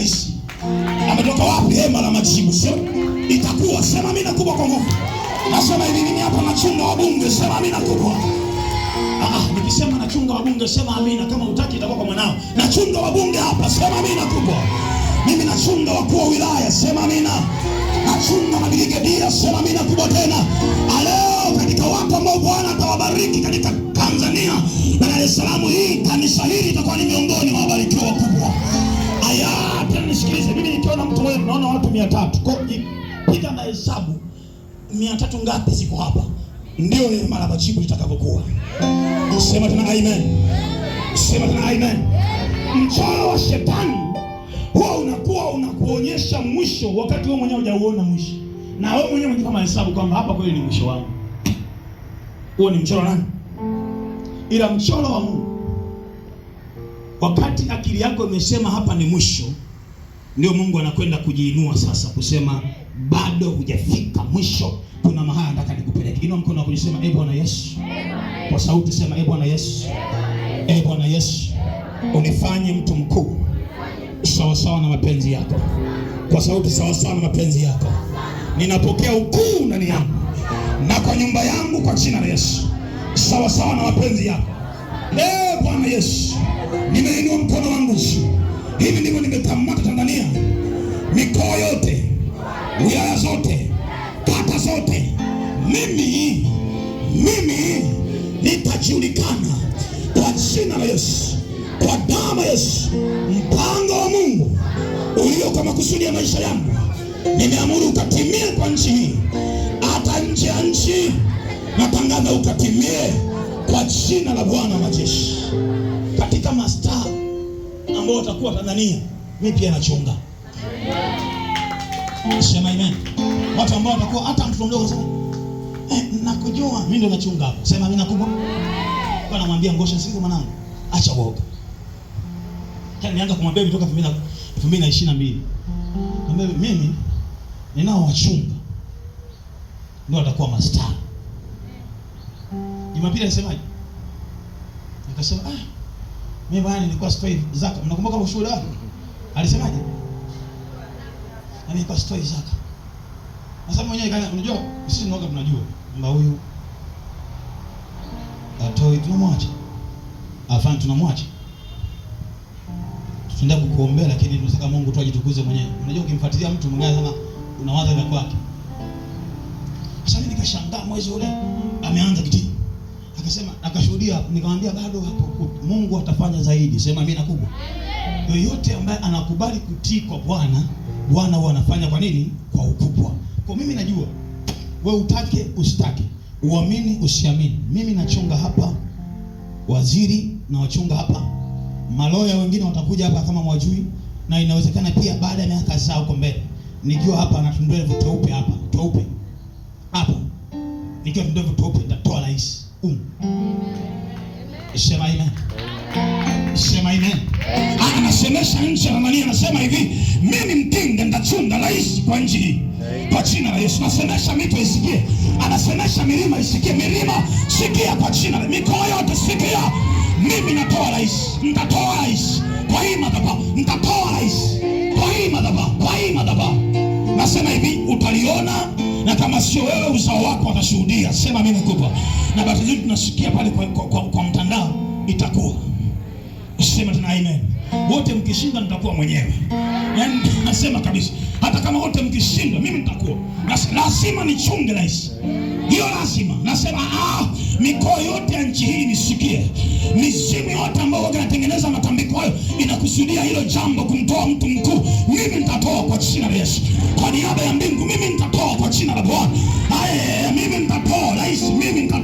rahisi. Ametoka wapi? Hema la majibu, sio? Itakuwa sema mimi nakubwa kwa nguvu. Nasema hivi mimi hapa nachunga wabunge, sema mimi nakubwa. Ah, ah, nikisema nachunga wabunge, sema amina. Kama utaki itakuwa kwa mwanao. Nachunga wabunge hapa, sema mimi nakubwa. Mimi nachunga wakuu wa wilaya, sema amina. Nachunga mabiligedia, sema amina kubwa tena. Leo katika watu ambao Bwana atawabariki katika Tanzania na Dar es Salaam hii, kanisa hili litakuwa ni miongoni mia tatu kwa ukipiga mahesabu mia tatu ngapi ziko hapa, ndio neema mara majibu litakavyokuwa. Sema tena amen, sema tena amen. Mchoro wa shetani huwa unakuwa unakuonyesha mwisho wakati wewe mwenyewe hujauona mwisho, na wewe mwenyewe unajipa mahesabu kwamba hapa kweli ni mwisho wangu. Huo ni mchoro nani? Ila mchoro wa Mungu, wakati akili yako imesema hapa ni mwisho ndio Mungu anakwenda kujiinua sasa, kusema bado hujafika mwisho, kuna mahali nataka nikupeleke. Inua mkono wako useme ee Bwana Yesu, kwa sauti sema ee Bwana Yesu, ee Bwana Yesu, unifanye mtu mkuu sawa sawa na mapenzi yako. Kwa sauti sawa sawa na mapenzi yako, ninapokea ukuu ndani yangu na kwa nyumba yangu, kwa jina la Yesu, sawa sawa na mapenzi yako. ee Bwana Yesu, nimeinua mkono wangu juu Hivi ndivyo nimetamata Tanzania, mikoa yote, wilaya zote, kata zote. Mimi mimi nitajulikana kwa jina la Yesu, kwa damu ya Yesu. Mpango wa Mungu ulio kwa makusudi ya maisha yangu nimeamuru ukatimie kwa nchi hii, hata nje ya nchi natangaza ukatimie kwa jina la Bwana majeshi katika mastaa ambao watakuwa Tanzania, mimi pia nachunga. Sema amen. Watu ambao watakuwa hata mtoto mdogo sana. eh, nakujua mimi, ndo nachunga hapo. Sema mimi nakubwa. Kwa namwambia Ngosha, siku mwanangu, acha uoga. Yaani nianza kumwambia kutoka 2022. Kumbe mimi ninao wachunga. Ndio watakuwa mastaa. Jumapili anasemaje? Nikasema ah mimi bwana nilikuwa sitoi zaka. Mnakumbuka ushuhuda wake? Alisemaje? Na nilikuwa sitoi zaka. Sasa mwenyewe kana unajua sisi tunaoga tunajua kwamba huyu atoi tunamwacha. Afanye tunamwacha. Tunaenda kukuombea lakini tunataka Mungu tu ajitukuze mwenyewe. Unajua ukimfuatilia mtu mwingine sana unawaza vya kwake. Sasa nikashangaa mwezi ule ameanza kitu akasema akashuhudia hapo, nikamwambia bado hapo, Mungu atafanya zaidi. Sema amina kubwa. Yoyote ambaye anakubali kutii kwa Bwana, Bwana huwa anafanya kwa nini? Kwa ukubwa. Kwa mimi najua wewe utake usitake, uamini usiamini, mimi nachunga hapa, waziri na wachunga hapa, maloya wengine watakuja hapa kama mwajui, na inawezekana pia baada ya miaka saa huko mbele nikiwa hapa na tundevu teupe hapa teupe hapa nikiwa tundevu teupe nitatoa rais Sema um. amen. Sema amen. Anasemesha nchi ya Tanzania, anasema hivi, mimi Mtinda nitachunga rais kwa nchi hii kwa jina la Yesu. Nasemesha mito isikie, anasemesha milima isikie, milima sikia kwa jina la mikoa yote sikia, mimi natoa rais, nitatoa rais kwa hii madhabahu, nitatoa rais kwa hii madhabahu, kwa hii madhabahu. Nasema hivi utaliona, na kama sio wewe, uzao wako watashuhudia. Sema mimi kubwa na basi zetu tunasikia pale kwa, kwa, kwa, kwa mtandao itakuwa usisema tena amen. Wote mkishinda nitakuwa mwenyewe, yaani nasema kabisa, hata kama wote mkishinda mimi nitakuwa lazima nichunge rais, hiyo lazima. Nasema ah, mikoa yote ya nchi hii nisikie, mizimu yote ambayo wanatengeneza matambiko hayo inakusudia hilo jambo kumtoa mtu mkuu, mimi nitatoa kwa jina la Yesu, kwa niaba ya mbingu, mimi nitatoa kwa jina la Bwana. Aye, Mimi nitatoa rais, mimi nitatoa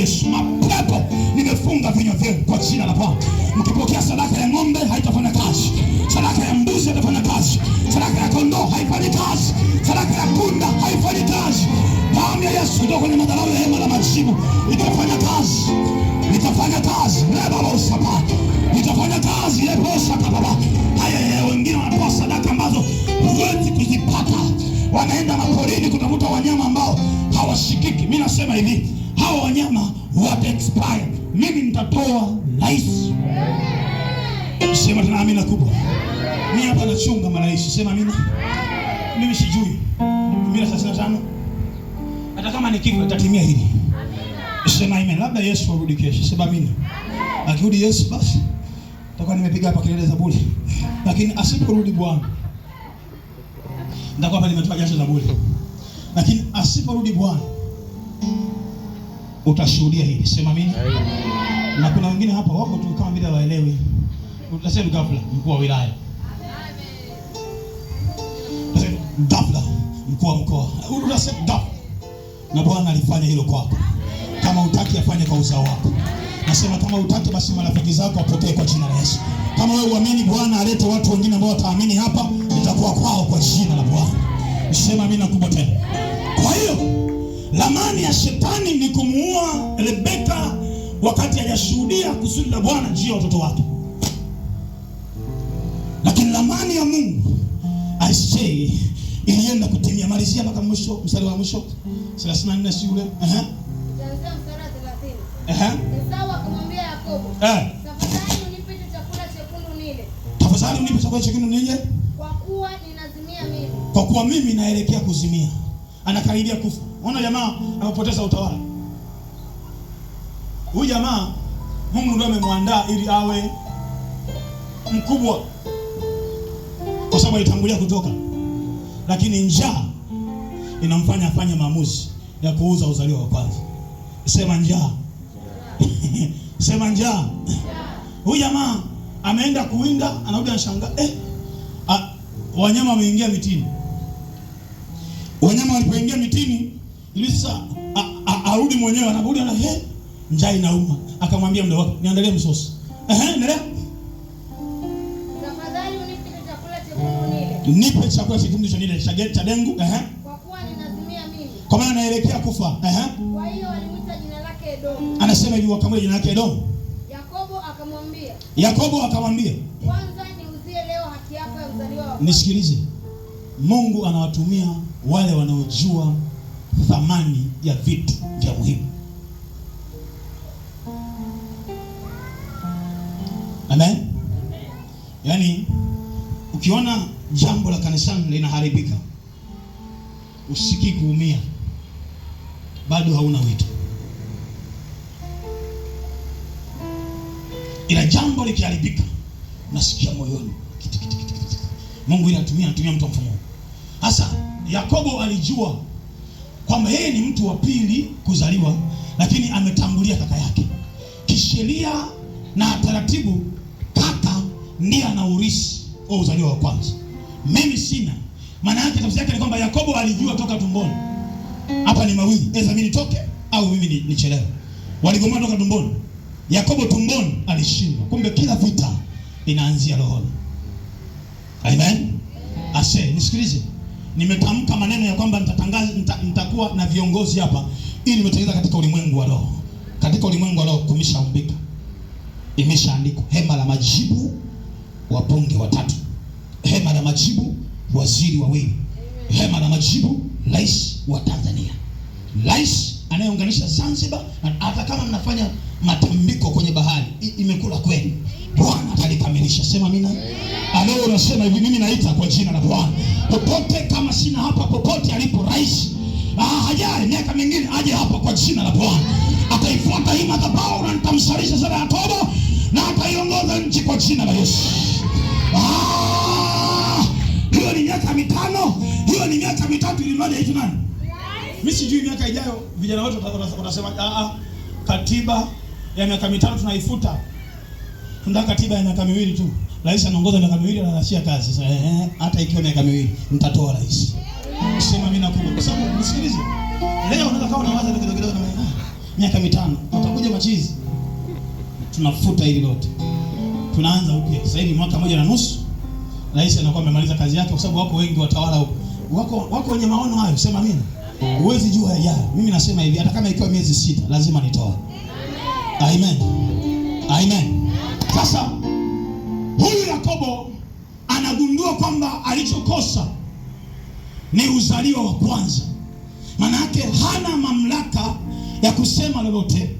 Yesu. Mapepo, nimefunga vinywa vyenu kwa jina la Bwana. Mkipokea sadaka ya ng'ombe haitafanya kazi, sadaka ya mbuzi haitafanya kazi, sadaka ya kondoo haifanyi kazi, sadaka ya punda haifanyi kazi. Damu ya Yesu kutoka kwenye madhabahu ya hema la majibu itafanya kazi, itafanya kazi lebalosapa, itafanya kazi leposakababa. Haya wengine wanatoa sadaka ambazo huwezi kuzipata, wanaenda maporini kutafuta wanyama ambao hawashikiki. Mi nasema hivi hao wanyama wata expire, mimi nitatoa rais. Sema tena amina kubwa. Mimi hapa nachunga marais, sema amina. Mimi sijui mira thelathini na tano hata kama nikifa tatimia hili, sema amina. Labda Yesu arudi kesho, sema amina. Akirudi Yesu basi nitakuwa nimepiga hapa kelele za bure, lakini asiporudi Bwana nitakuwa hapa nimetoa jasho za bure, lakini asiporudi Bwana utashuhudia hili. Sema amini. Na kuna wengine hapa wako tu kama vile waelewi. Utasema ghafla mkuu wa wilaya. Utasema ghafla mkuu wa mkoa. Utasema ghafla. Na Bwana alifanya hilo kwako. Kama utaki afanye kwa uzao wako. Nasema kama utaki basi marafiki zako wapotee kwa jina la Yesu. Kama wewe uamini Bwana alete watu wengine ambao wataamini hapa, itakuwa kwao kwa jina la Bwana. Sema amini kubwa tena. Lamani ya shetani ni kumuua Rebeka wakati hajashuhudia kusudi la Bwana juu ya watoto wake, lakini lamani ya Mungu aisee ilienda kutimia. Malizia mpaka mwisho, mstari wa mwisho 34, si ule ehe ehe eh. Tafadhali unipe chakula chekundu nije, kwa kuwa ninazimia mimi, kwa kuwa mimi naelekea kuzimia. Anakaribia kufa. Unaona jamaa amepoteza utawala. Huyu jamaa Mungu ndiye amemwandaa ili awe mkubwa, kwa sababu alitangulia kutoka, lakini njaa inamfanya afanye maamuzi ya kuuza uzalio wa kwanza. Sema njaa, sema njaa. Huyu jamaa ameenda kuwinda, anarudi anashangaa, eh, wanyama wameingia mitini. Wanyama walipoingia mitini Lisa arudi mwenyewe, anarudi ana hey, njaa inauma. Akamwambia mdogo wake, niandalie msosi. Ehe, endelea. Tafadhali unipe chakula chekundu nile. Nipe chakula chekundu cha nile, shageti cha dengu. Ehe. Kwa kuwa ninazimia mimi. Kwa maana naelekea kufa. Ehe. Kwa hiyo alimuita jina lake Edomu. Anasema hivi wakamwita jina lake Edomu. Yakobo akamwambia. Yakobo akamwambia. Kwanza niuzie leo haki yako ya mzaliwa wako. Nisikilize. Mungu anawatumia wale wanaojua thamani ya vitu vya muhimu. Amen. Yaani, ukiona jambo la kanisani linaharibika, usiki kuumia, bado hauna wito, ila jambo likiharibika, nasikia moyoni Mungu, inatumia anatumia mtu mfumo. Sasa Yakobo alijua kwamba yeye ni mtu wa pili kuzaliwa, lakini ametangulia kaka yake kisheria na taratibu. Kaka ndiye ana urithi wa uzaliwa wa kwanza, mimi sina. Maana yake tafsiri yake ni kwamba Yakobo alijua toka tumboni, hapa ni mawili, eza mimi nitoke au mimi nichelewe. Waligomana toka tumboni, Yakobo tumboni alishindwa. Kumbe kila vita inaanzia rohoni. Amen, ase nisikilize nimetamka maneno ya kwamba nitatangaza nita, nitakuwa na viongozi hapa, ili nimetangaza katika ulimwengu wa roho. Katika ulimwengu wa roho kumeshaumbika, imeshaandikwa hema la majibu, wabunge watatu, hema la majibu, waziri wawili, hema la majibu, rais wa Tanzania, rais anayeunganisha Zanzibar, hata kama mnafanya matambiko kwenye bahari, imekula kweli kukamilisha. Sema amina. Leo unasema hivi, mimi naita kwa jina la Bwana popote, kama sina hapa, popote alipo rais ah, hajaye miaka mingine aje hapa kwa jina la Bwana, ataifuata hii madhabahu na nitamsalisha sala ya toba na ataiongoza nchi kwa jina la Yesu. Ah, hiyo ni miaka mitano, hiyo ni miaka mitatu ili mradi hitu nani? Mimi sijui miaka ijayo vijana wote watasema ah, ah, katiba ya miaka mitano tunaifuta. Tuna katiba ya miaka miwili tu. Rais anaongoza miaka miwili na anashia kazi. Sasa eh, eh, hata ikiwa miaka miwili mtatoa rais. Sema mimi nakuja. Kwa sababu nisikilize. Leo unaweza kama unawaza kidogo kidogo na ah, mimi. miaka mitano. Utakuja machizi. Tunafuta hili lote. Tunaanza upya. Sasa hivi mwaka mmoja na nusu rais anakuwa amemaliza kazi yake kwa sababu wako wengi watawala huko. Wako wako wenye maono hayo. Sema mimi. Huwezi jua ya. Mimi nasema hivi hata kama ikiwa miezi sita lazima nitoa. Amen. Amen. Amen. Sasa huyu Yakobo anagundua kwamba alichokosa ni uzalio wa kwanza, maana yake hana mamlaka ya kusema lolote.